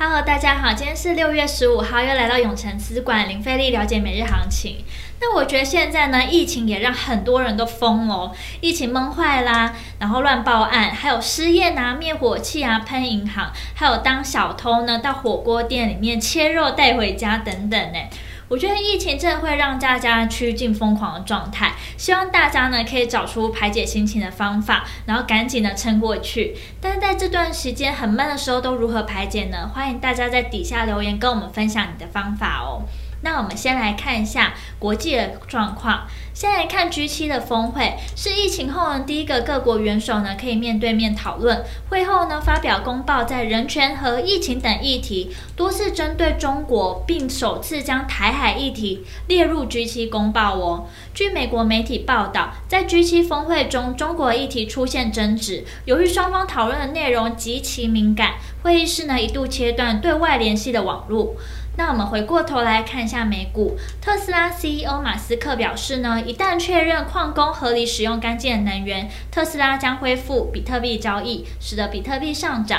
Hello，大家好，今天是六月十五號，又來到永誠資管零費力了解每日行情。那我覺得現在呢，疫情也讓很多人都瘋哦，疫情悶壞啦，然後亂報案，還有失業啊，滅火器啊噴銀行，還有當小偷呢，到火鍋店裡面切肉帶回家等等誒。我覺得疫情真的會讓大家趨近瘋狂的狀態，希望大家呢可以找出排解心情的方法，然後趕緊的撐過去。但是在這段時間很悶的時候，都如何排解呢？歡迎大家在底下留言跟我們分享你的方法哦。那我們先來看一下國際的狀況。先來看 G7 的峰會，是疫情後的第一個各國元首呢可以面對面討論。會後呢發表公報，在人權和疫情等議題多次針對中國，並首次將台海議題列入 G7 公報哦。據美國媒體報道，在 G7 峰會中，中國議題出現爭執。由於雙方討論的內容極其敏感，會議室呢一度切斷對外聯繫的網絡。那我們回過頭來看一下美股，特斯拉 CEO 馬斯克表示呢，一旦確認礦工合理使用乾淨的能源，特斯拉將恢復比特幣交易，使得比特幣上漲。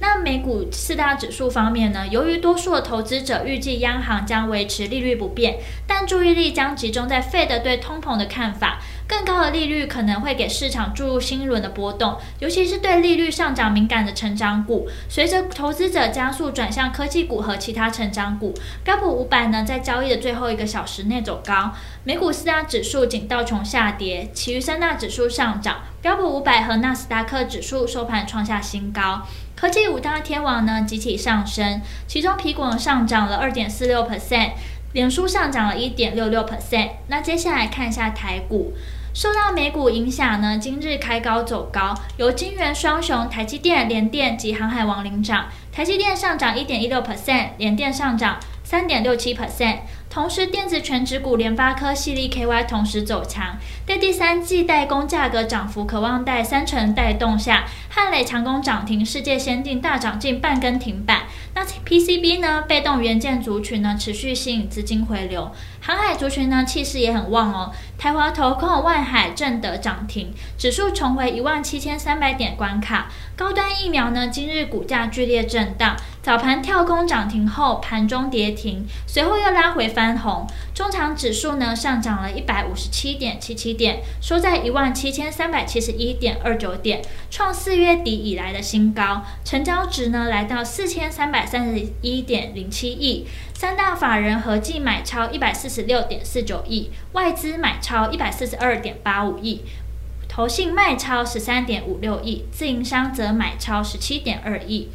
那美股四大指數方面呢，由於多數的投資者預計央行將維持利率不變，但注意力將集中在 Fed 對通膨的看法。更高的利率可能會給市場注入新一輪的波動，尤其是對利率上漲敏感的成長股。隨着投資者加速轉向科技股和其他成長股，標普五百呢在交易的最後一個小時內走高。美股四大指數僅道瓊下跌，其餘三大指數上漲。標普五百和納斯達克指數收盤創下新高。科技五大天王呢集體上升，其中蘋果上漲了二點四六 percent，臉書上漲了一點六六 percent。那接下來看一下台股，受到美股影響呢，今日開高走高，由晶圓雙雄、台積電、聯電及航海王領漲，台積電上漲一點一六 percent，聯電上漲。三點六七 percent，同時電子權值股聯發科、矽力 KY 同時走強，在第三季代工價格漲幅可望帶三成帶動下，漢磊強攻漲停，世界先進大漲近半根停板。那 PCB 呢？被動元件族群呢持續吸引資金回流，航海族群呢氣勢也很旺哦。台驊投控、萬海正德漲停，指數重回一萬七千三百點關卡。高端疫苗呢？今日股價劇烈震盪。早盤跳空漲停後，盤中跌停，隨後又拉回翻紅。終場指數呢上漲了一百五十七點七七點，收在一萬七千三百七十一點二九點，創四月底以來的新高。成交值呢來到四千三百三十一點零七億，三大法人合計買超一百四十六點四九億，外資買超一百四十二點八五億，投信賣超十三點五六億，自營商則買超十七點二億。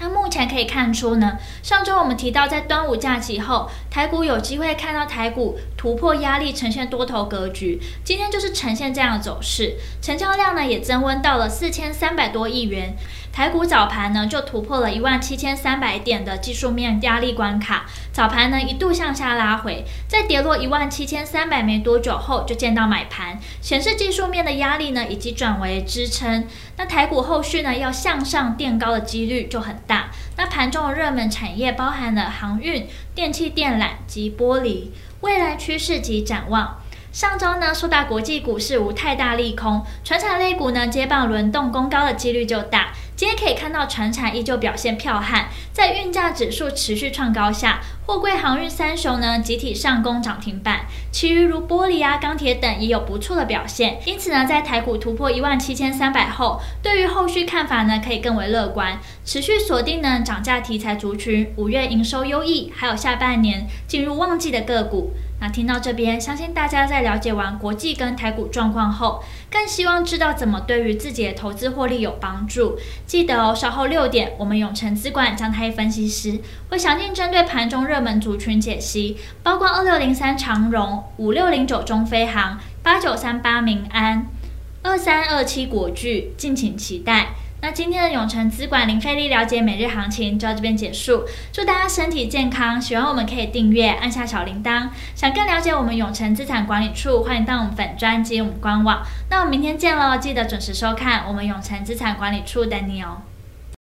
那目前可以看出呢，上週我們提到，在端午假期後，台股有機會看到台股，突破壓力，呈現多頭格局。今天就是呈現這樣的走勢，成交量呢也增溫到了四千三百多億元。台股早盤呢就突破了一萬七千三百點的技術面壓力關卡，早盤呢一度向下拉回，在跌落一萬七千三百沒多久後就見到買盤，顯示技術面的壓力呢已經轉為支撐。那台股後續呢要向上墊高的幾率就很大。那盤中的熱門產業包含了航運、電器電纜及玻璃。未來趨勢及展望。上周呢，受到國際股市無太大利空，傳產類股呢接棒輪動，攻高的幾率就大。今天可以看到船產依舊表現彪悍，在運價指數持續創高下，貨櫃航運三雄呢集體上攻漲停板，其餘如玻璃啊、鋼鐵等也有不錯的表現。因此呢，在台股突破一萬七千三百後，對於後續看法呢可以更為樂觀，持續鎖定呢漲價題材族群，五月營收優異，還有下半年進入旺季的個股。那、啊、聽到這邊，相信大家在了解完國際跟台股狀況後，更希望知道怎麼對於自己的投資獲利有幫助。記得哦，稍後六點，我們永誠資管張台分析師會詳盡針對盤中熱門族群解析，包括二六零三長榮、五六零九中菲行、八九三八明安、二三二七國巨，敬請期待。那今天的永城資管零費力了解每日行情就到這邊結束，祝大家身體健康。喜歡我們可以訂閱，按下小鈴鐺。想更了解我們永城資產管理處，歡迎到我們粉專及我們官網。那我們明天見嘍，記得準時收看我們永城資產管理處等你哦。